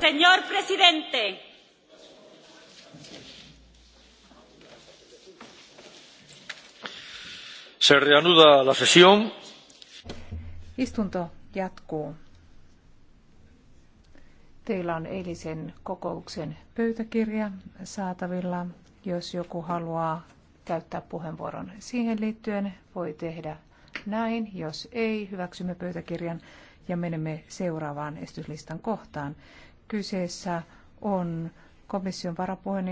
Señor presidente. Se reanuda la sesión. Istunto jatkuu. Teillä on eilisen kokouksen pöytäkirja saatavilla. Jos joku haluaa käyttää puheenvuoron siihen liittyen, voi tehdä näin? Jos ei, hyväksymme pöytäkirjan ja menemme seuraavaan estyslistan kohtaan. Kyseessä on komission varapuheenjohtaja